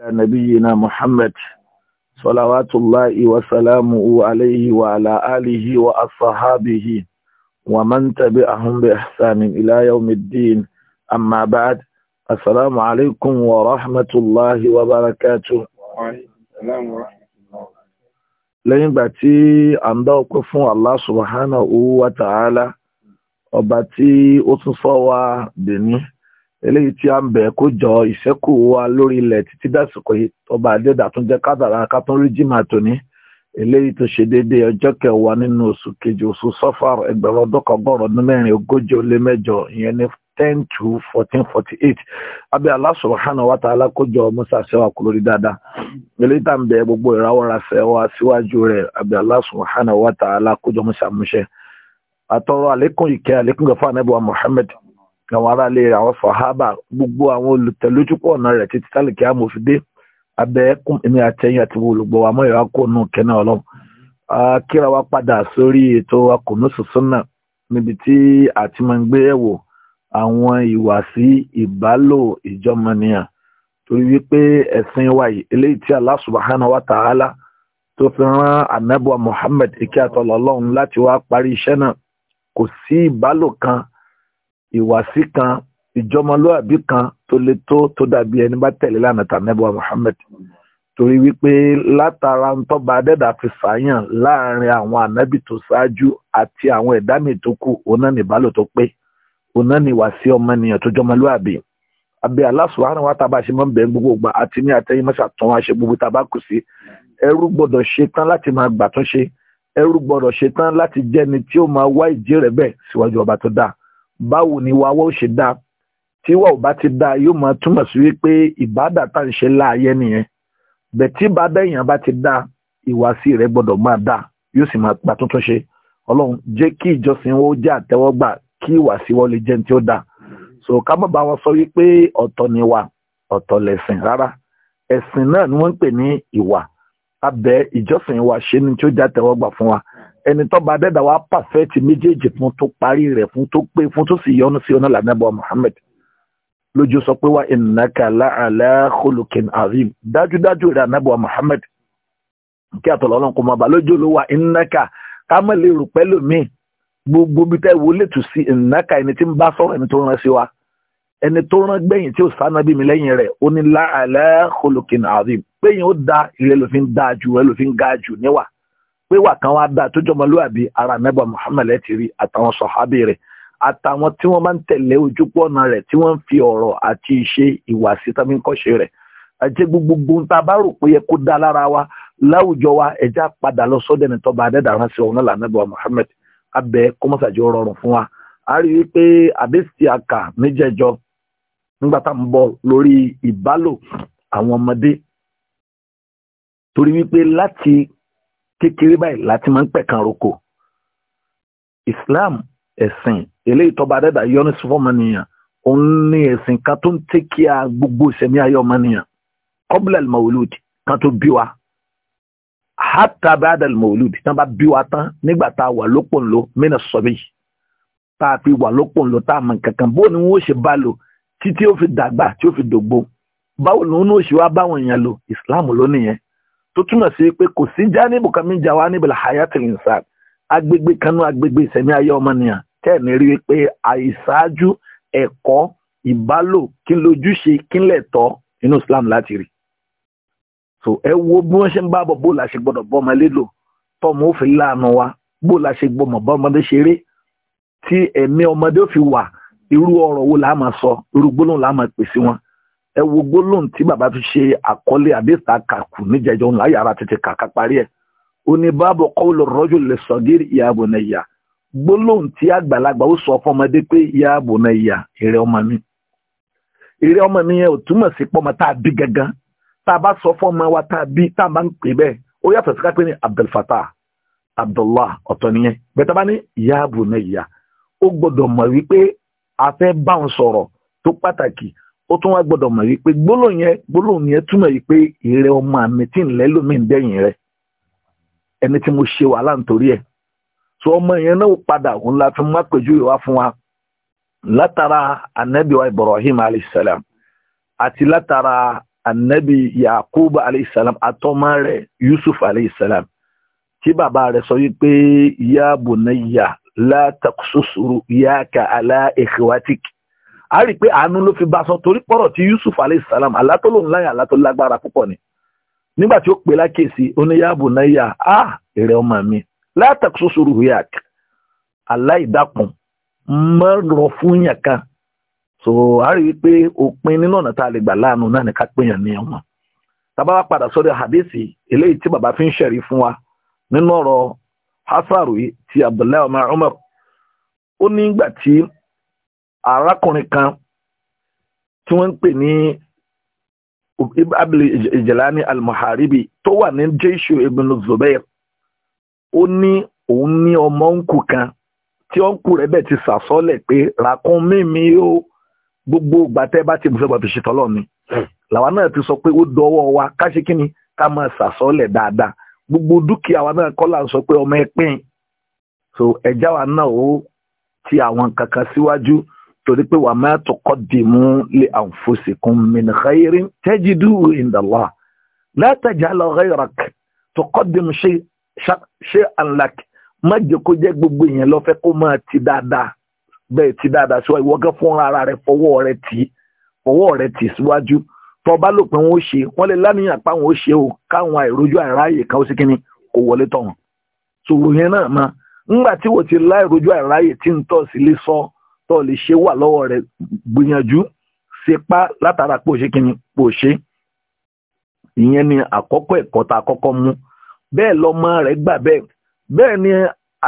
على نبينا محمد صلوات الله وسلامه عليه وعلى آله وأصحابه ومن تبعهم بإحسان إلى يوم الدين أما بعد السلام عليكم ورحمة الله وبركاته السلام ورحمة الله لين باتي أندو كفو الله سبحانه وتعالى وباتي أتصوى بني eléyìí tí a ń bẹ̀ kó jọ ìṣẹ́kù wa lórí ilẹ̀ títí dásìkò ọba àdẹ́dà tún jẹ́ kádàrá ká tún rí jìmà tòní eléyìí tó ṣe déédéé ọjọ́ kẹwàá nínú oṣù kejì oṣù sọ́fàr ẹgbẹ̀rún ọdún kọgọ́rọ̀ ọdún mẹ́rin ogójì ó lé mẹ́jọ ìyẹn ní ten to fourteen forty eight abẹ́ musa sẹ́wà kú lórí dáadáa eléyìí tá ń gbogbo ìrawọ́ra sẹ́wà síwájú rẹ̀ abẹ́ musa ìkẹ́ àwọn aráalé rẹ̀ àwọn sàhábà gbogbo àwọn olùtẹ̀lójúpọ̀ ọ̀nà rẹ̀ títí tálíkì amòfidé abẹ́ èmi àtẹ̀yìn àti olùgbọ̀ wa mọ́yọ̀ akóònù kẹ́nà ọlọ́run kíra wa padà sórí ètò akùnúsù súnà níbi tí a ti máa ń gbé ẹ̀wò àwọn ìwàsí ìbálò ìjọmọnìyàn torí wípé ẹ̀sìn wa yìí eléyìí tí Allah subhanahu wa ta'ala tó fi rán anábọ̀ Muhammad ike àtọ̀lọ́lọ́run láti wá parí iṣẹ́ náà kò sí ìbálò kan ìwàsí kan ìjọmọlúàbí kan tó le tó tó dàbí ẹni bá tẹ̀lé lánàá tànẹ́bọ̀ Muhammad torí wípé látara ń tọ́ba adẹ́dà fi sàáyàn láàrin àwọn ànábì tó ṣáájú àti àwọn ẹ̀dá mi tó kù òun náà ní ìbálò tó pé òun náà ní ìwàsí ọmọnìyàn tó jọmọlúàbí abẹ Allah subhanahu wa ta'ala ṣe máa ń bẹ gbogbo ìgbà àti ní àtẹyìn mọ́ṣà tán wá ṣe gbogbo tàbá kù sí ẹrú gbọ́dọ̀ ṣe tán láti máa gbà tún ṣe ẹrú gbọ́dọ̀ ṣe tán láti jẹ́ni tí ó máa wá ìdí rẹ̀ bẹ́ẹ̀ síwájú ọba tó dáa báwo ni wa wọ́n ṣe dáa tí wà ò bá ti dáa yóò máa túmọ̀ sí wípé ìbádà tá ń ṣe láàyè nìyẹn bẹ̀tí bàbá èèyàn bá ti dáa ìwàsí rẹ̀ gbọ́dọ̀ máa dáa yóò sì máa gba tuntun ṣe ọlọ́run jẹ́ kí ìjọsìn wo jẹ́ àtẹ́wọ́gbà kí ìwàsí wọ́n lè jẹun tí ó dáa so ká má bá wọn sọ wípé ọ̀tọ̀ ni wà ọ̀tọ̀ lẹ̀sìn rárá ẹ̀sìn náà ni wọ́n ń pè ní ìwà abẹ ìjọsìn wa ṣe ni tí ó jẹ́ àtẹ́wọ́gbà fún wa ẹni tó bá dẹ́dà wá pàfẹ́tì méjèèjì fún tó parí rẹ̀ fún tó pé fún tó sì yọ́nú sí ọ̀nà lànàbọ̀ Muhammad lójú sọ pé wá innaka la'ala khuluqin azim dájúdájú rẹ̀ ànàbọ̀ Muhammad kí àtọ̀lọ́ ọlọ́run kò máa bá lójú ló wà innaka ká rò pẹ́lú mi gbogbo bí tẹ́ wọlé tù sí innaka ẹni tí ń bá sọ̀rọ̀ ẹni tó rán sí wa ẹni tó rán gbẹ̀yìn tí ò sáná bí mi lẹ́yìn rẹ̀ ó ní la'ala khuluqin azim gbẹ̀yìn ó da ìrẹ́lòfin dáa ju ìrẹ́lòfin ga jù níwà pé wà kan wá dá tó jọmọlúwàbí ara nẹ́bà Muhammad ẹ̀ ti rí àtàwọn sọ̀hábì rẹ̀ àtàwọn tí wọ́n máa ń tẹ̀lé ojúpọ̀ ọ̀nà rẹ̀ tí wọ́n ń fi ọ̀rọ̀ àti ìṣe ìwà sí tàbí ń kọ́ṣe rẹ̀ àti gbogbo ń ta bá rò pé yẹ kó dá lára wa láwùjọ wa ẹja padà lọ sọ́dẹ̀ ní tọ́ba adẹ́dàrán sí ọ̀nà lànàbọ̀ Muhammad abẹ kọ́mọ́sàjì rọrùn fún wa a rí i pé àbẹ́sì àkà níjẹ̀jọ nígbà tá à ń bọ̀ lórí ìbálò àwọn ọmọdé torí wípé láti kékeré báyìí láti máa ń pẹ̀kan roko islam ẹ̀sìn eléyìí tọ́ba adẹ́dà yọ́nú sí fọ́mọnìyàn òun ní ẹ̀sìn kan tó ń tẹ́ kí a gbogbo ìṣẹ̀mí ayé ọmọnìyàn kọ́bùlà mawulud kan tó bí wa hátà bàdà mawulud tán bá bí wa tán nígbà tá a wà lópò ńlò mínà sọ́bí tá a fi wà lópò ńlò tá a mọ̀ kankan bó ni wọ́n ṣe bá lò títí ó fi dàgbà tí ó fi dògbò báwo ni wọ́n ṣe wá báwọn èèyàn lò islam ló nìyẹn tó túmọ̀ sí pé kò sí jánìbù kan mi jà wá níbi hayatil insan agbègbè kanú agbègbè ìsẹ̀mí ayé ọmọnìyàn tẹ́ẹ̀ní rí pé àìsáájú ẹ̀kọ́ ìbálò kí n lójúṣe kí n lẹ̀ tọ́ inú Islam láti rí so ẹ wo bí wọ́n ṣe ń bá bọ̀ bó la ṣe gbọ́dọ̀ bọ́ ọmọ lélo tọ́mọ ó fi láàánú wa bó la ṣe gbọ́mọ̀ bá ọmọdé ṣeré tí ẹ̀mí ọmọdé ó fi wà irú ọ̀rọ̀ wo la máa sọ irú gbólóhùn la máa pèsè wọn ẹ wo gbólóhùn tí bàbá fi ṣe àkọlé àdéhùn àkàkù níjẹjọ ńlá yàrá tètè kàkà parí ẹ ó ní báàbò kọ́ọ̀lù rọ́jò lè sọ gírí ìyàbò náà yà gbólóhùn tí àgbàlagbà ó sọ fọmọdé pé ìyàbò náà yà èrè ọmọ mi èrè ọmọ mi yẹn ò túmọ̀ sí pọ́mọ tá a bí gangan tá a bá sọ fọmọ wa tá a bí tá a máa ń pè bẹ́ẹ̀ ó yàtọ̀ sí pé ní Abdulfatah Abdullah ọ̀tọ̀ nìyẹn bẹ́ẹ̀ tá a bá ní ìyàbò náà yà ó gbọ́dọ̀ mọ̀ wípé a fẹ́ bá wọn sọ̀rọ̀ tó pàtàkì ó tún wá gbọ́dọ̀ mọ̀ wípé gbólóhùn yẹn gbólóhùn yẹn túmọ̀ wípé ìrẹ ọmọ mi tí ń lẹ́ lómi ń dẹ́yìn rẹ ẹni tí mo ṣe wàhálà nítorí ẹ̀ tó ọmọ yẹn náà padà òun la fi má pèjú ìwá fún wa látara anabi wa ibrahim alayhisalam àti látara anabi yakub alayhisalam àtọmọ rẹ yusuf alayhisalam tí bàbá rẹ sọ wípé ya bunayya la taqsus ru'yaka ala ikhwatik a rí i pé àánú ló fi bá sọ torí pọ̀rọ̀ tí Yusuf aleyhisselam alátọ́lóhùn láyà alátọ́lágbára púpọ̀ ni nígbà tí ó pè lákèsí oníyàbò náyà á èrè ọmọ mi látàkùsọ̀sọ̀rọ̀ huyak aláìdákun mọ́ lọ fún yàn kan so a rí i pé òpin nínú ọ̀nà tá a lè gbà láàánú náà ní ká pè yàn ní ọmọ tábà wá padà sọ́dọ̀ hadisi eléyìí tí bàbá fi ń ṣẹ̀rí fún wa nínú ọ̀rọ̀ hasaru ti Abdullahi Umar ó nígbà tí arákùnrin kan tí wọ́n ń pè ní abdul ijalani al-muharibi tó wà ní jesu ibn zubair ó ní òun ní ọmọ nkù kan tí ọ̀nkù rẹ̀ bẹ̀ ti sàsọ́lẹ̀ pé ràkún mímí ó gbogbo gbàtẹ́ bá ti bùsọ̀ bàbí ṣètò ọlọ́ọ̀ni làwa náà ti sọ pé ó dọwọ́ wa ká kí ni ká máa sàsọ́lẹ̀ dáadáa gbogbo dúkìá wa náà kọ́là ń sọ pé ọmọ ẹ pín so ẹ̀já wa náà ó ti àwọn kankan síwájú. Si torí pé wa ma tuqaddimu li anfusikum min khairin tajiduhu inda Allah la taj'al ghayrak tuqaddimu shay'an lak má jẹ́ kó jẹ́ gbogbo èèyàn ló fẹ́ kó máa ti dáadáa bẹ́ẹ̀ ti dáadáa síwájú ìwọ gán fúnra ara rẹ fọwọ́ rẹ tì fọwọ́ rẹ tì síwájú tó bá lò pé wọ́n ó ṣe wọ́n lè lánìyàn pa wọ́n ó ṣe o káwọn àìrójú àìráyè kan ó sì kíni kò wọlé tọ̀hún sòwò yẹn náà mọ́ nígbà tí wò ti láìrójú àìráyè tí ń tọ̀ sí lè tó lè ṣe wà lọ́wọ́ rẹ̀ gbìyànjú sepá látara pò ṣe kí ni pò ṣe ìyẹn ni àkọ́kọ́ ẹ̀kọ́ tá kọ́kọ́ mú bẹ́ẹ̀ lọ́mọ rẹ̀ gbà bẹ́ẹ̀ bẹ́ẹ̀ ni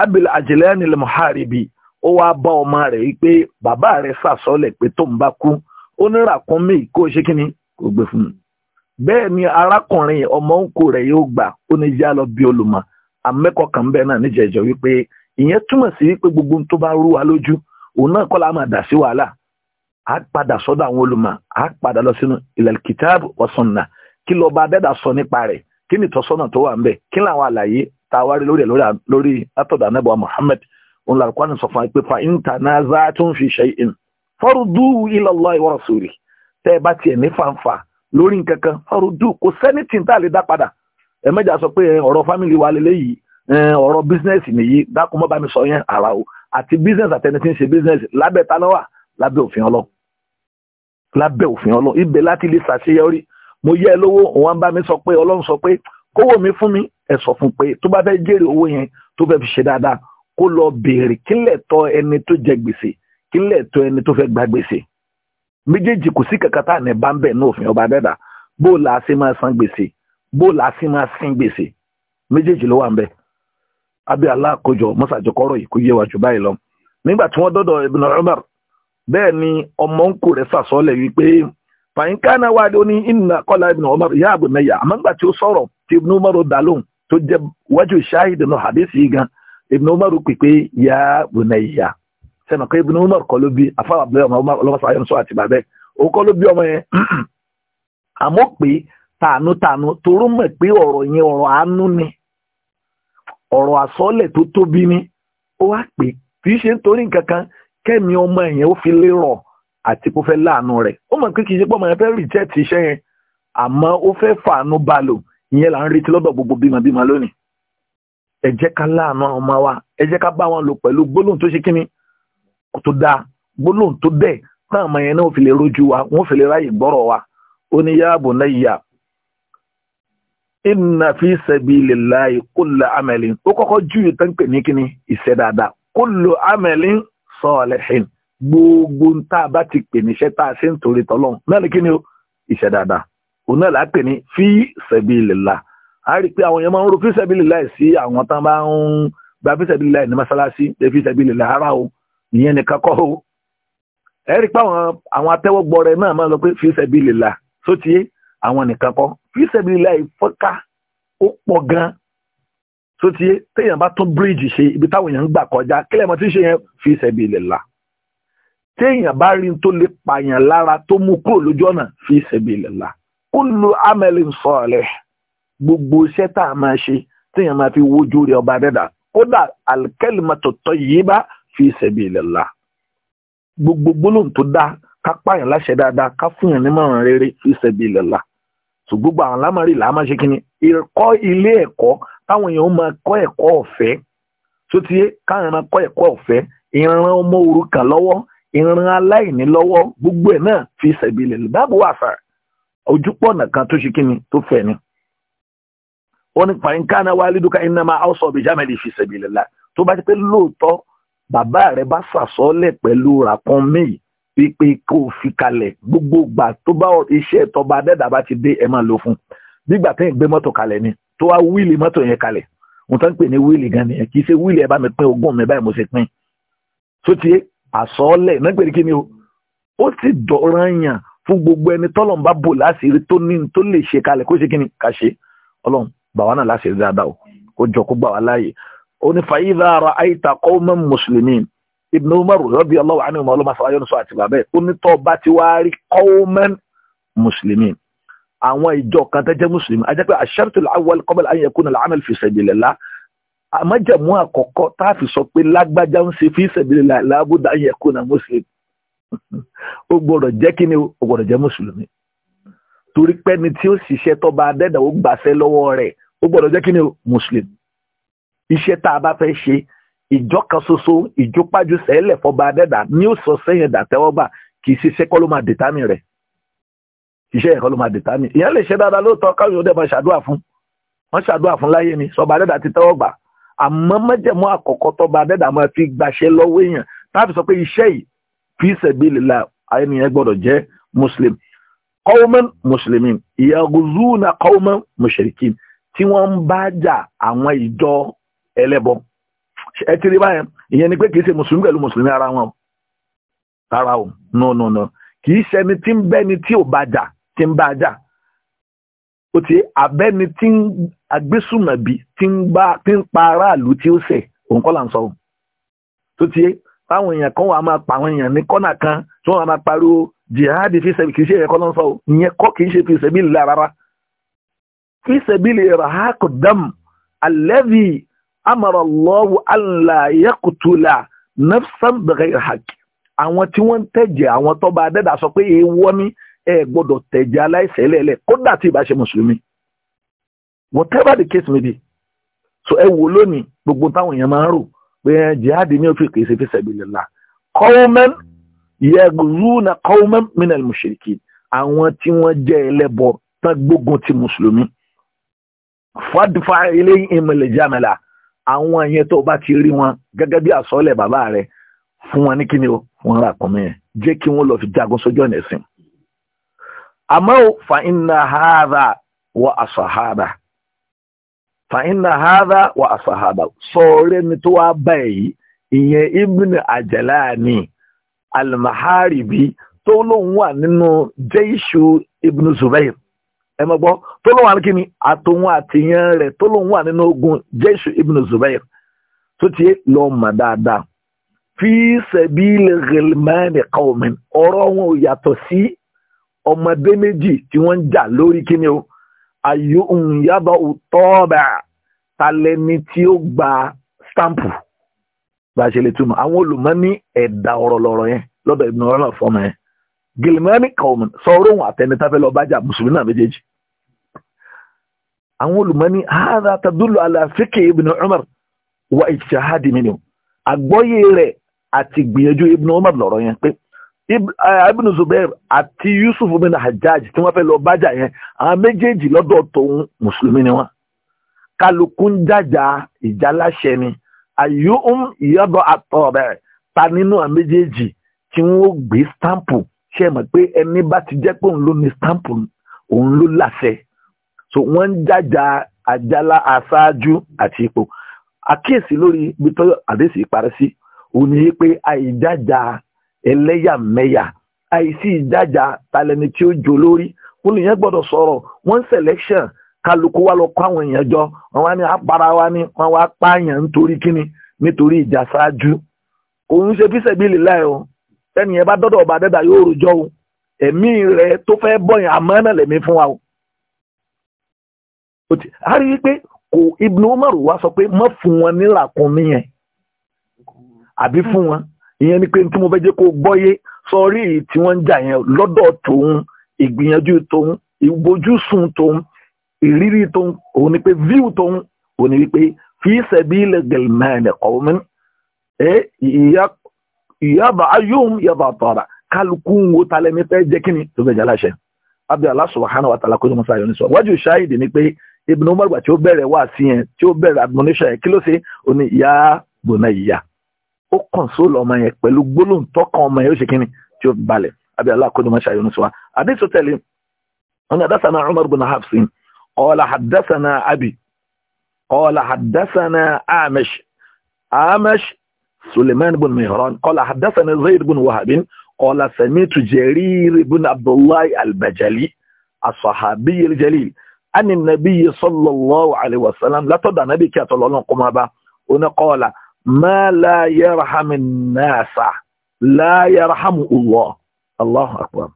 abil bá ọmọ rẹ̀ yìí pé bàbá rẹ̀ sàsọ́lẹ̀ pé tó ń bá kú ó ní kó ṣe kí ni fún mi bẹ́ẹ̀ ni arákùnrin ọmọ rẹ̀ yóò gbà ó ní lọ bí olùmọ̀ amẹ́kọ̀ọ́ kan bẹ́ẹ̀ náà níjẹ̀jọ́ wípé ìyẹn túmọ̀ sí wípé gbogbo tó bá rú òun náà kọ́lá máa dà sí wàhálà á padà sọ́dọ̀ àwọn olùmọ̀ á padà lọ sínú ilal kitab wa sunna kí ló bá dẹ́dà sọ nípa rẹ̀ kí ni ìtọ́sọ́nà tó wà ń bẹ̀ kí làwọn àlàyé tá a wá rí lórí ẹ̀ lórí látọ̀dọ̀ anábọ̀ Muhammad òun làkọ́ ni sọ fún wa pé fa in tanaza'tum fi shay'in farudduhu ila Allahi wa rasulihi tẹ́ ẹ bá tiẹ̀ ní fanfa lórí nǹkan kan farudduhu kò sẹ́ni tí ń tà lè dá padà ẹ̀mẹ́jà sọ pé ọ̀rọ̀ fámìlì wa lélẹ́yìí ọ̀rọ̀ bísínẹ́sì nìyí dákun bá mi sọ yẹn àrà àti business àtẹni tí ń ṣe business lábẹ́ ta náà wà lábẹ́ òfin ọlọ́ lábẹ́ òfin ọlọ́ ibẹ̀ láti lè ṣàṣeyọrí mo yẹ ẹ lówó òun bá mi sọ pé ọlọ́run sọ pé kówó mi fún mi ẹ sọ fún pé tó bá fẹ́ jèrè owó yẹn tó fẹ́ fi ṣe dáadáa kó lọ béèrè kílẹ̀ tọ́ ẹni tó jẹ gbèsè kílẹ̀ tọ́ ẹni tó fẹ́ gba gbèsè méjèèjì kò sí kankan tá à ní bá ní òfin ọba dẹ́dà bó la ṣe máa san gbèsè bó la ṣe máa sin gbèsè méjèèjì ló wà ń bẹ́ẹ̀ abi aláàkójọ mọ́sàjọkọ́rọ̀ yìí kó yé wa jù báyìí lọ. nígbà tí wọ́n dọ́dọ̀ Ibn Umar ni ọmọ ń kò rẹ̀ sàsọ́lẹ̀ wípé fàyínkáná wà ló ní ìnà kọ́lá Ibn Umar ìyá àbò mẹ́yà àmọ́ nígbà tí ó sọ̀rọ̀ tí Ibn Umar dà lóhùn tó jẹ́ wájú ṣáhìdì náà hadisi gan Ibn Umar pè pé àbò mẹ́yà sẹ́nà ọ̀rọ̀ àsọ́lẹ̀ tó tóbi ni ó wá pè kì í ṣe nítorí nǹkan kan kẹ́mi ọmọ ẹ̀yẹn ó fi lérò àti kó fẹ́ láàánú rẹ̀ ó mọ̀ pé kì í ṣe pé ọmọ yẹn fẹ́ rìjẹ́tì iṣẹ́ yẹn àmọ́ ó fẹ́ fàánú balò ìyẹn là ń retí lọ́dọ̀ gbogbo bímọbímọ lónìí ẹ jẹ́ ká láàánú àwọn ọmọ wa ẹ jẹ́ ká bá wọn lò pẹ̀lú gbólóhùn tó ṣe kíni tó dáa gbólóhùn tó dẹ̀ táwọn ọmọ yẹn náà ò fi lè rojú wa wọ́n ò fi lè ráyè gbọ́rọ̀ wa ó ní yáàbò náà yà inna fi sabilillahi kullu amalin ó kọ́kọ́ júwe tán pè ní kíni iṣẹ́ dáadáa kullu amalin salihin gbogbo ń tá a bá ti pè níṣẹ́ tá a ṣe ń torí tọ́lọ́n náà ní kíni o iṣẹ́ dáadáa òun náà là á pè ní fi sabilillah a rí i pé àwọn èèyàn máa ń ro fi sabilillah sí àwọn tán bá ń gba fi sabilillah ní mọ́sálásí lè fi sabilillah ara o ìyẹn nìkan kọ́ o ẹ rí i pé àwọn àtẹ́wọ́gbọ́ rẹ náà máa lọ pé fi sabilillah sótìyé àwọn nìkan kọ́ fíṣẹ̀bìlá ìfọ́ká ó pọ̀ gan tó ti yé téèyàn bá tún bíríìjì ṣe ibi táwọn èèyàn ń gbà kọjá kílẹ̀ mọ́ ṣe yẹn fíṣẹ̀bìlá là téèyàn bá rí tó lè pààyàn lára tó mú kúrò lójú ọ̀nà là gbogbo iṣẹ́ tá máa ṣe téèyàn máa fi wojú rí ọba dẹ́dà kódà gbogbo gbólóhùn tó ká pààyàn láṣẹ tó gbogbo àwọn lámàrí làámà ṣe kínní ìkọ́ ilé ẹ̀kọ́ táwọn èèyàn máa kọ́ ẹ̀kọ́ ọ̀fẹ́ tó ti yé káwọn máa kọ́ ẹ̀kọ́ ọ̀fẹ́ ìran ọmọ òrukàn lọ́wọ́ ìran aláìní lọ́wọ́ gbogbo ẹ̀ náà fi sẹ̀bìlẹ̀ báàbò àṣà ojúpọ̀nà kan tó ṣe kínní tó fẹ́ ni. ó ní pàǹkánná wa lídùúkà iná máa ọ̀sọ̀ bìjámẹ́lì fi sẹ̀bìlẹ̀ la tó bá ti pé lóòótọ́ bàbá rẹ bá sàsọ́lẹ̀ pẹ̀lú ràpọ́n méyìí wípé kó o fi kalẹ̀ gbogbo ìgbà tó bá iṣẹ́ tọba adẹ́dà bá ti dé ẹ lò fún nígbà tẹ́yìn gbé mọ́tò kalẹ̀ ni tó wá wíìlì mọ́tò yẹn kalẹ̀ mo tán ń pè ní wíìlì gan nìyẹn kì í ṣe wíìlì ẹ bá mi pín ogún mi báyìí mo ṣe pín sóti àsọọ́lẹ̀ náà pèrè kí ni o ó sì dọ̀ràn yàn fún gbogbo ẹni tọ́lọ̀n bá bò láṣìírí tó ní tó lè ṣe kalẹ̀ kó ṣe kí ni ká ṣe ọlọ́run bà náà láṣìírí ibn umar rọ́bì ọlọ́wà ní ọmọ ọlọ́mọ afọláyọ́ sọ àti bàbá ẹ̀ ó ní tọ́ bá ti wá rí qawman muslimin àwọn ìjọ kan tẹ́jẹ́ mùsùlùmí ajẹ́ pé ash-shartul awwal qabla an yakuna al-amal fi sabilillah àmọ́jẹ̀mú àkọ́kọ́ tá a fi sọ pé lágbájá ń ṣe fi sabilillah labudda an yakuna muslim ó gbọ́dọ̀ jẹ́ kí ni ó gbọ́dọ̀ jẹ́ mùsùlùmí torí pé ni tí ó ṣiṣẹ́ iṣẹ́ tá a bá fẹ́ ṣe ìjọ kan ṣoṣo ìjópájú sẹ́lẹ̀ fọba adẹ́dà ni ó sọ sẹ́yìn dàtẹ́wọ́gbà kì í ṣiṣẹ́ kọ́ ló máa dètámì rẹ̀ iṣẹ́ ẹ̀kọ́ ló máa dètámì ìyẹn lè ṣe dáadáa lóòótọ́ káwọn yóò dẹ̀ máa ṣàdúrà fún wọ́n ṣàdúrà fún láyé ni sọba adẹ́dà ti tẹ́wọ́ gbà àmọ́ mẹ́jẹ̀mú àkọ́kọ́ tọba adẹ́dà máa fi gbaṣẹ́ lọ́wọ́ èèyàn táàbì sọ pé iṣẹ́ yìí fi sabilillah ẹnìyẹn gbọ́dọ̀ jẹ́ muslim qawman muslimin yaghzuna qawman mushrikin tí wọ́n ń bá jà àwọn ìjọ ẹlẹ́bọn ẹ ti rí báyẹn ìyẹn ni pé kì í ṣe mùsùlùmí pẹ̀lú mùsùlùmí ara wọn ara o no no no kì í ṣẹni tí ń bẹ́ni tí ò bá jà tí ń bá jà ó ti abẹ́ni tí ń agbésùmọ̀bí tí ń bá tí ń pa aráàlú tí ó ṣẹ̀ òun kọ́ là ń sọ ohun tó ti táwọn èèyàn kan wà máa pa àwọn èèyàn ní kọ́nà kan tí wọ́n máa pariwo jihad fi ṣẹ̀bi kì ṣe ẹ̀kọ́ ló ń sọ ìyẹn kọ́ kì ṣe fi ṣẹ̀bi lè rárá fi ṣẹ̀bi lè rà á kò dám alẹ́bí amara Allahu alla yaqtula nafsan bighayri haqq àwọn tí wọ́n ń tẹ̀jẹ̀ àwọn tó bá dẹ́dà sọ pé èèwọ̀ ni ẹ gbọ́dọ̀ tẹ̀jẹ̀ aláìṣẹ̀ lẹ́lẹ̀ kódà tí ìbá mùsùlùmí whatever the case may be so ẹ wò lónìí gbogbo táwọn èèyàn máa ń rò pé eh, jihad ní òfin kìí ṣe fi sabilillah qawman yaghzuna qawman minal mushrikin àwọn tí wọ́n jẹ́ ẹlẹ́bọ tán gbógun ti mùsùlùmí fadfa ilayhim al-jamala àwọn yẹn tó bá ti rí wọn gẹ́gẹ́ bí àsọ́lẹ̀ bàbá rẹ fún wọn ní o wọn rà kún mí jẹ́ kí wọ́n lọ fi jagun sójú ọ̀nà ẹ̀sìn. àmọ́ wa asahaba fa wa asahaba sọ̀rọ̀ ẹni tó wá bá ẹ̀ yìí ìyẹn ibn ajalani almaharibi tó lóun wà nínú ibn zubair ẹ mọ̀ gbọ́ tó lóun wà ní kíni àtòun àtìyàn rẹ̀ tó lóun wà nínú ogun Jésù ibn Zubair tó ti yé lọ mọ̀ dáadáa fi sẹ̀bílẹ̀ rẹ̀lmẹ́rin kọ́ọ̀mìn ọ̀rọ̀ wọn ò yàtọ̀ sí ọmọdé méjì tí wọ́n ń jà lórí kíni o ayò òǹyàbọ̀ òtọ́ọ̀bà talẹ́ni tí ó gba stampu bá a ṣe lè túmọ̀ àwọn olùmọ̀ ní ẹ̀dà ọ̀rọ̀ lọ́rọ̀ yẹn lọ́dọ̀ ìbùnú ọ̀rọ̀ náà fọ́ọ̀mù yẹn gẹ̀lẹ́mẹ́rin kọ́ọ̀mìn sọ oróhùn àtẹnitafẹ́ lọ bájà mùsùlùmí náà méjèèjì àwọn olùmọ́ni hadha tadullu ala fiqhi ibn umar wa ijtihadi minhu àgbọ́yé rẹ̀ àti gbìyànjú ibn umar lọ́rọ̀ yẹn pé eh, ibn zubair àti yusuf bin hajjaj tí wọ́n fẹ́ lọ bájà yẹn àwọn méjèèjì lọ́dọ̀ tóun mùsùlùmí ni wọ́n kálukú ń jàjà ìjàláṣẹ ni àyùm ìyọ́dọ̀ àtọ̀rẹ̀ ta nínú àwọn méjèèjì tí wọ́n gbé stampu ṣe mọ̀ pé ẹni bá ti jẹ́ pé òun ló ní stampu òun ló láṣẹ so wọ́n ń ajala àjálá aṣáájú àti ipò àkíyèsí lórí ibi tó àdéhùn ìparí sí òun ni pé àìjàjà ẹlẹ́yàmẹ̀yà àìsí ìjàjà talẹ́ni tí ó jò lórí wọn lè gbọ́dọ̀ sọ̀rọ̀ wọ́n selection kálukú wá lọ kó àwọn èèyàn jọ wọn wá ní apara wa ní wọn wá pààyàn nítorí kíni nítorí ìjà ṣáájú òun ṣe o tẹ́niyẹn bá dọ́dọ̀ ọba dẹ́dà yóò rojọ́ o ẹ̀mí rẹ̀ tó fẹ́ bọ̀yàn àmọ́ náà lẹ̀mí fún wa o a rí pé kò Ibn Umar wá sọ pé má fún wọn nílàkúnmí yẹn àbí fún wọn ìyẹn ni pé tí mo fẹ́ jẹ́ kó gbọ́yé sọrí èyí tí wọ́n ń jà yẹn lọ́dọ̀ tòun ìgbìyànjú tòun ìbojúsùn tòun ìrírí tòun òun ni pé view tòun òun ni wípé fi sabili gẹ̀lmẹ́ẹ̀lẹ̀ qawmin ìyába ayóhùn yaba tọ́ra kálukú ń wo talẹ́ ní fẹ́ jẹ́ kí ni tó fẹ́ jẹ́ aláṣẹ abdulayi subhanahu wa ta'ala kó tó mọ́ sáyọ sọ wájú ṣáìdì ni pé Ibn Umar gbà tí ó bẹ̀rẹ̀ wá sí yẹn tí ó bẹ̀rẹ̀ admonition yẹn kí ló ṣe ó ní ìyá gbòòna ìyá ó console ọmọ yẹn pẹ̀lú gbólóhùn tọkàn ọmọ yẹn ó ṣe kínní tí ó balẹ̀ abẹ́ aláàkóso máa ṣàyọ̀nù sí wa àdéhùn tẹ̀lé wọn adásánà Umar bin Hafs qala haddasana abi qala haddasana Amash Amash Suleiman bin Mihran qala haddasana Zayd bin Wahab qala sami'tu Jarir bin Abdullah al-Bajali as ani nabi yi sallallahu alayhi wa sallam da na kí atọ̀ lọ́lọ́ kọ́ máa bá ma la yarhamu nasa la yarhamu Allah allahu akbar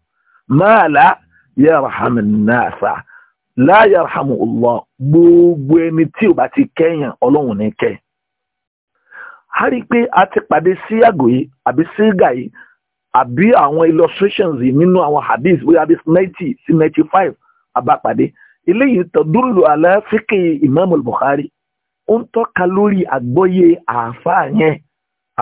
ma la yarhamu nasa la yarhamu Allah gbogbo ẹni tí o bá ti kẹ́yàn ọlọ́run ní kẹ́ a rí a ti eléyìí tadullu ala fiqi imam al-bukhari ó ń tọ́ka lórí àgbọ́yé àáfàá yẹn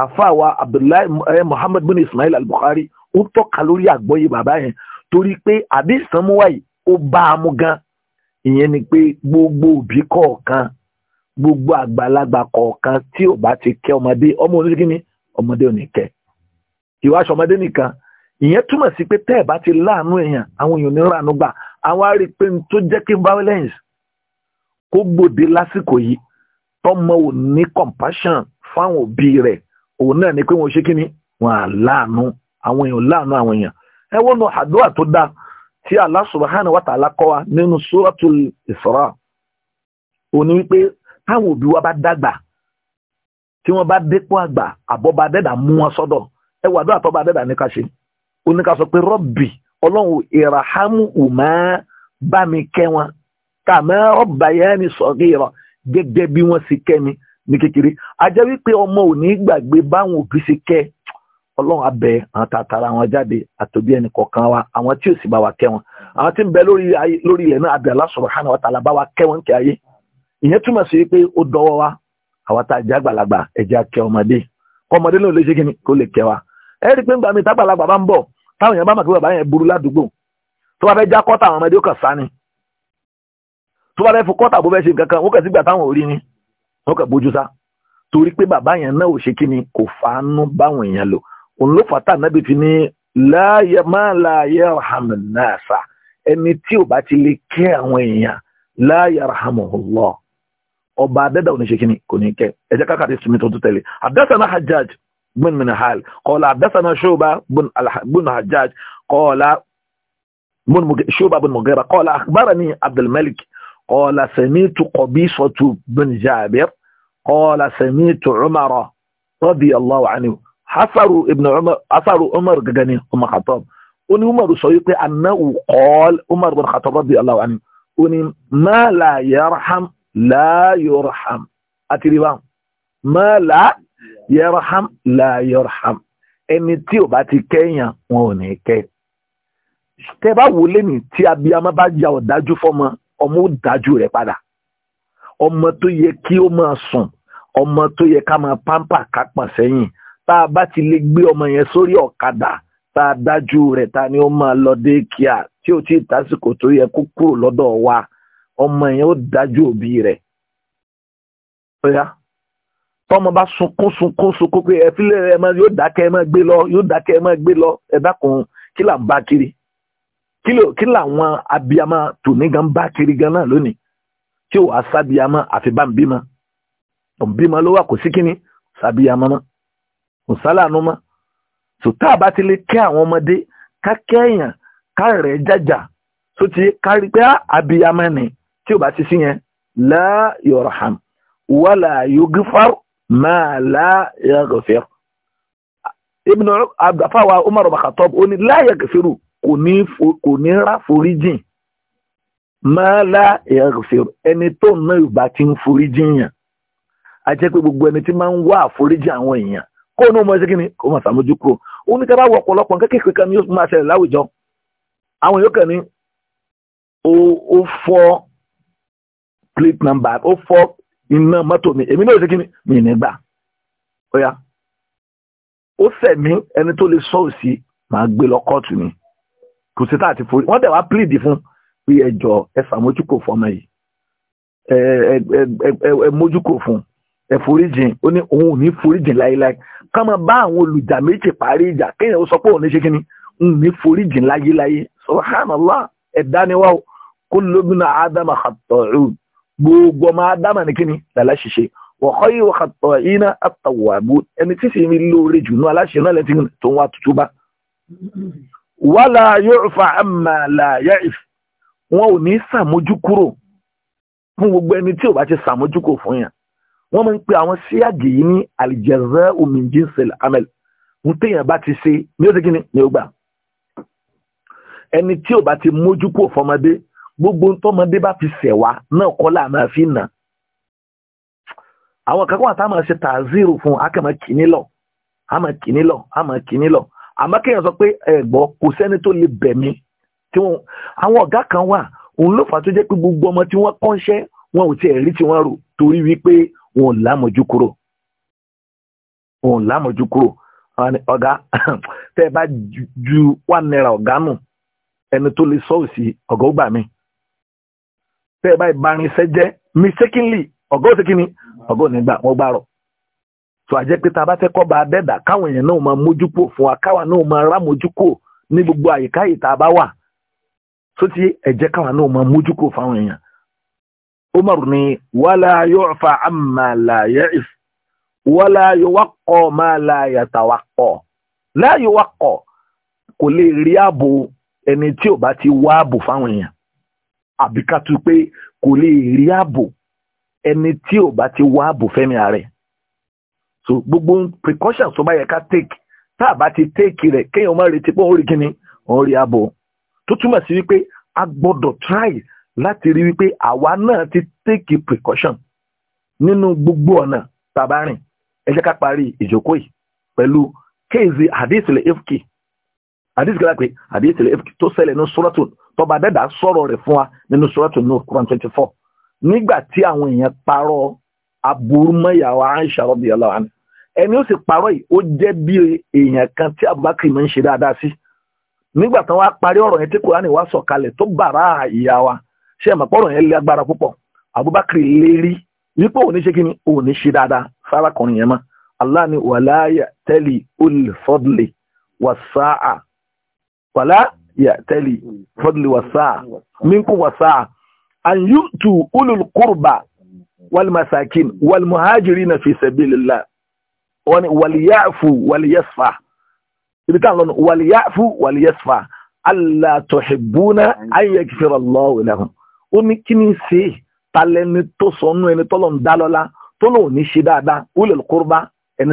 àáfàá wa abdullahi eh, muhammad bin ismail al-bukhari ó ń tọ́ka lórí àgbọ́yé bàbá yẹn torí pé àbí ìsànmúwáyì ó bá a mú gan ìyẹn ni pé gbogbo òbí kọ̀ọ̀kan gbogbo àgbàlagbà kọ̀ọ̀kan tí ò bá ti kẹ́ ọmọdé ọmọ oníṣẹ́gínní ọmọdé ò ní kẹ́ ìwáṣọ ọmọdé nìkan ìyẹn túmọ̀ sí pé tẹ́ bá ti láàánú èèyàn àwọn èèyàn ní ránú gbà àwa rí i pé n tó jẹ́ kí violence kó gbòde lásìkò yìí tọ́mọ ò ní compassion fáwọn òbí rẹ̀ òun náà ni pé wọ́n ṣe kí ni wọ́n á láàánú àwọn èèyàn láàánú àwọn èèyàn ẹ wọ́n nu àdúrà tó dáa tí Allah subhanahu wa ta'ala kọ́ wa nínú suratul Isra òun ni wípé táwọn òbí wa bá dàgbà tí wọ́n bá dépò àgbà àbọ̀bá dẹ́dà mú wọn sọ́dọ̀ ẹ wàdúrà tó bá dẹ́dà ní ká ṣe oníkà pé rọ́bì ọlọ́run ìràhámù ùmá bá mi kẹ́ wọn kàmá ọ̀bàyẹ́ni sọ̀rọ̀ gẹ́gẹ́ bí wọ́n sì kẹ́ mi ní kékeré ajẹ́ wípé ọmọ ò ní gbàgbé báwọn òbí ṣe kẹ́ ọlọ́run abẹ àwọn tààtàrà àwọn jáde àtòbí ẹnì kọ̀ọ̀kan wa àwọn tí ò sì bá wa kẹ́ wọn àwọn tí ń bẹ lórí ilẹ̀ náà abẹ Allah subhanahu wa ta'ala bá wa kẹ́ wọn kí ayé ìyẹn túmọ̀ sí wípé ó dọwọ́ wa àwọn tá a jẹ́ àgbàlagbà ẹ̀jẹ̀ kẹ́ ọmọdé ọmọdé náà lè ṣe kí ni kó lè kẹ́ wa ẹ rí i pé ńgbà tágbàlagbà bá ń bọ̀ táwọn èèyàn bá mọ̀ pé bàbá yẹn burú ládùúgbò tó bá fẹ́ já kọ́tà àwọn ọmọdé kan sáni tó bá fẹ́ fún kọ́tà bó fẹ́ ṣe nǹkan kan wọ́n kàn sígbà táwọn ò ni wọ́n kàn bójú sá torí pé bàbá yẹn náà ò ṣe kí ni kò fàánú báwọn èèyàn lò òun ló fàtà náà bí fi ní láàyè máa láàyè ọ̀hánà náà sá ẹni tí ò bá ti lè kẹ́ àwọn èèyàn láàyè ọ̀hánà ọ̀lọ́ ọba adẹ́dà ò ní ṣe kí ni kò ní kẹ́ ẹ̀jẹ̀ kákàtí sinmi tó tún tẹ̀lé àdẹ́sẹ̀ náà hajj بن من حال قال حدثنا شعبة بن بن حجاج قال بن شعبة بن مغيرة قال أخبرني عبد الملك قال سمعت قبيصة بن جابر قال سمعت عمر رضي الله عنه حصروا ابن عمر حصروا عمر جاني أم خطاب ان عمر سيقي أنه قال عمر بن خطاب رضي الله عنه ان ما لا يرحم لا يرحم أتريبا ما لا yarham la yarham ẹni tí ò bá ti kẹ́yàn wọn ò ní kẹ́ tẹ bá wò lẹ́nìí tí abiyamọ bá ya ọ̀dájú fọmọ ọmọ ó dájú padà ọmọ tó yẹ kí ó máa sùn ọmọ tó yẹ ká máa pampa ká pọ̀n sẹ́yìn tá a bá ti lè gbé ọmọ yẹn sórí ọ̀kadà tá a dájú rẹ̀ ta ni ó máa lọ dé kíá tí ó ti tásìkò tó yẹ kó kúrò lọ́dọ̀ wa ọmọ yẹn ó dájú òbí rẹ̀ tọ́mọ bá sunkún sunkún sunkún pé ẹ̀fílẹ̀ ẹ̀ máa yóò dákẹ́ ẹ̀ máa gbé lọ yóò dákẹ́ ẹ̀ máa gbé lọ ẹ̀ dákun kí là ń bá kiri kí làwọn abiyamọ tòní gan bá kiri gan náà lónìí tí ò wá sábiyamọ àfi bá ń bímọ bímọ ló wà kò sí kíni sábiyamọ mọ kò sálànú mọ sòtá àbá ti lè kẹ́ àwọn ọmọdé ká kẹ́yàn ká rẹ̀ jàjà tó kárí pé ah, abiyamọ ni tí ò bá ti sí yẹn la yorham wala yugfar máa láyàgòfẹ́ ibùdó àfàwà Umar bàkàtọ́ ó ní láyàgòfẹ́rù kò ní rà foríjìn máa láyàgòfẹ́rù ẹni tó ná ìgbà tí ń foríjìn yàn a jẹ́ pé gbogbo ẹni tí máa ń wá àforíjìn àwọn èèyàn kó ní ọmọ ẹsẹ̀ kí ni kó máa sàmójú kúrò ó ní ká bá wọ ọ̀pọ̀lọpọ̀ kékeré kan ní yóò máa ṣẹlẹ̀ láwùjọ àwọn yóò kàn ní ó fọ́ plate number ó fọ́ iná mọ́tò mi èmi náà ò sí kí mi nígbà ó yá ó sẹ̀mí ẹni tó lè sọ òsì máa gbé lọ kóòtù ni kò sí táà ti forí wọ́n dẹ̀ wá pílìdì fún pé ẹjọ́ ẹ fàmójúkò fọmọ yìí ẹ mójúkò fún ẹ foríjìn ó ní òun ò ní foríjìn láéláé ká máa bá àwọn olùjà méjì parí ìjà kéèyàn ó sọ pé òun ní ṣe kí ni òun ní foríjìn láyéláyé subhanallah ẹ̀dá ni wá kullu ibn adama khata'un gbogbo ọmọ adama ní kíni làláṣiṣe wọ̀kọ́ yìí wọ́n kàtọ̀ iná àtàwàbù ẹni tí sì ń lóore jù ní aláṣẹ náà lẹ́tí tó ń wá tutù bá. wàlà yóò fa àmà làyà ìf wọn ò ní sàmójú kúrò fún gbogbo ẹni tí ò bá ti sàmójú kò fún yàn wọ́n máa ń pe àwọn síyàgì yìí ní àlìjẹ̀zẹ́ omi jíǹsẹ̀l amẹ́l ń téèyàn bá ti ṣe ní ó ti kíni ní ó gbà ẹni tí ò bá ti mójú kúrò fọmọdé gbogbo tọmọdé bá fi ṣẹ̀ wá náà kọ́ là máa fi nà àwọn kankan wà tá a máa ṣe tàzírù fún akẹ́mọ̀ kìíní lọ àmọ̀ kìíní lọ àmọ̀ kìíní lọ àmọ́ kéèyàn sọ pé ẹ̀gbọ́ kò sẹ́ni tó lè bẹ̀ mí tí wọ́n àwọn ọ̀gá kan wà òun ló fà tó jẹ́ pé gbogbo ọmọ tí wọ́n kọ́ńṣẹ́ wọn ò tiẹ̀ rí tí wọ́n rò torí wípé wọn ò lámọ̀jú kúrò wọn ò lámọ̀jú kúrò ọ̀gá tẹ́ ẹ bá ju one naira ọ̀gá nù ẹni tó lè sọ́ọ̀sì ọ̀gá ó gbà mí tẹ́ ẹ báyìí barin iṣẹ́ jẹ́ mistakenly ọ̀gá ò sí kí ni ọ̀gá ò ní gbà wọ́n gbàrọ̀ tó àjẹ́ pé tá a bá fẹ́ kọ́ ba abẹ́dà káwọn èèyàn náà máa mójú kúrò fún wa káwa náà máa rá mójú kúrò ní gbogbo àyíká yìí tá a bá wà tó ti ẹ̀jẹ̀ káwa náà máa mójú kúrò fáwọn èèyàn. Umar ni wàlá yóò fa àmà làyẹ̀ if wàlá yóò wákọ̀ máa làyẹ̀ tàwákọ̀ láyé wákọ̀ kò lè rí ààbò ẹni tí ò bá ti wá ààbò fáwọn èèyàn àbíkátú pé kò lè rí ààbò ẹni tí ò bá ti wá ààbò fẹ́mi ààrẹ so gbogbo precaution tó bá yẹ ká take tá a bá ti take rẹ̀ kéèyàn má retí pé òun rí kíni òun rí ààbò tó túmọ̀ sí wípé a gbọ́dọ̀ try láti rí wípé àwa náà ti take precaution nínú gbogbo ọ̀nà tàbá rìn ẹ jẹ́ ká parí ìjókòó yìí pẹ̀lú kéèzì hadith ilẹ̀ ifki hadith kí tó ṣẹlẹ̀ ní suratul tọba dẹ́dà sọ̀rọ̀ rẹ̀ fún wa nínú sọ́ọ̀tù ní Quran twenty four nígbà tí àwọn èèyàn parọ́ aburú mọ́yàwó Aisha radiyallahu anha ẹni ó sì parọ́ yìí ó jẹ́ bí èèyàn kan tí Abubakar máa ń ṣe dáadáa sí nígbà tí wọ́n á parí ọ̀rọ̀ yẹn tí Quran wá sọ̀kalẹ̀ tó bàrà ìyá wa ṣé ẹ̀ mọ̀pọ̀rọ̀ yẹn lé agbára púpọ̀ Abubakar lérí wípé òní ṣe kí ni òní ṣe dáadáa fárakùnrin yẹn mọ́ Allah ni wàláyà tẹ́lì olùfọ́dúnlé wàsáà wàláyà يأتلي فضل وساعة منكم وساعة أن يؤتوا أولو القربى والمساكين والمهاجرين في سبيل الله وليعفوا وليصفح وليعفوا وليصفح ألا تحبون أن يغفر الله لهم ó ní kí ni ṣe talẹni tó sọnù ẹni tọ́lọ́ ń dá lọ́lá tó lóun ní ṣe dáadáa ulul qurba ẹni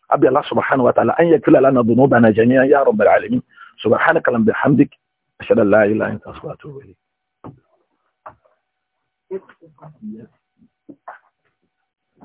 أبي الله سبحانه وتعالى أن يكفر لنا ذنوبنا جميعا يا رب العالمين سبحانك اللهم بحمدك أشهد أن لا إله إلا أنت أستغفرك وأتوب إليك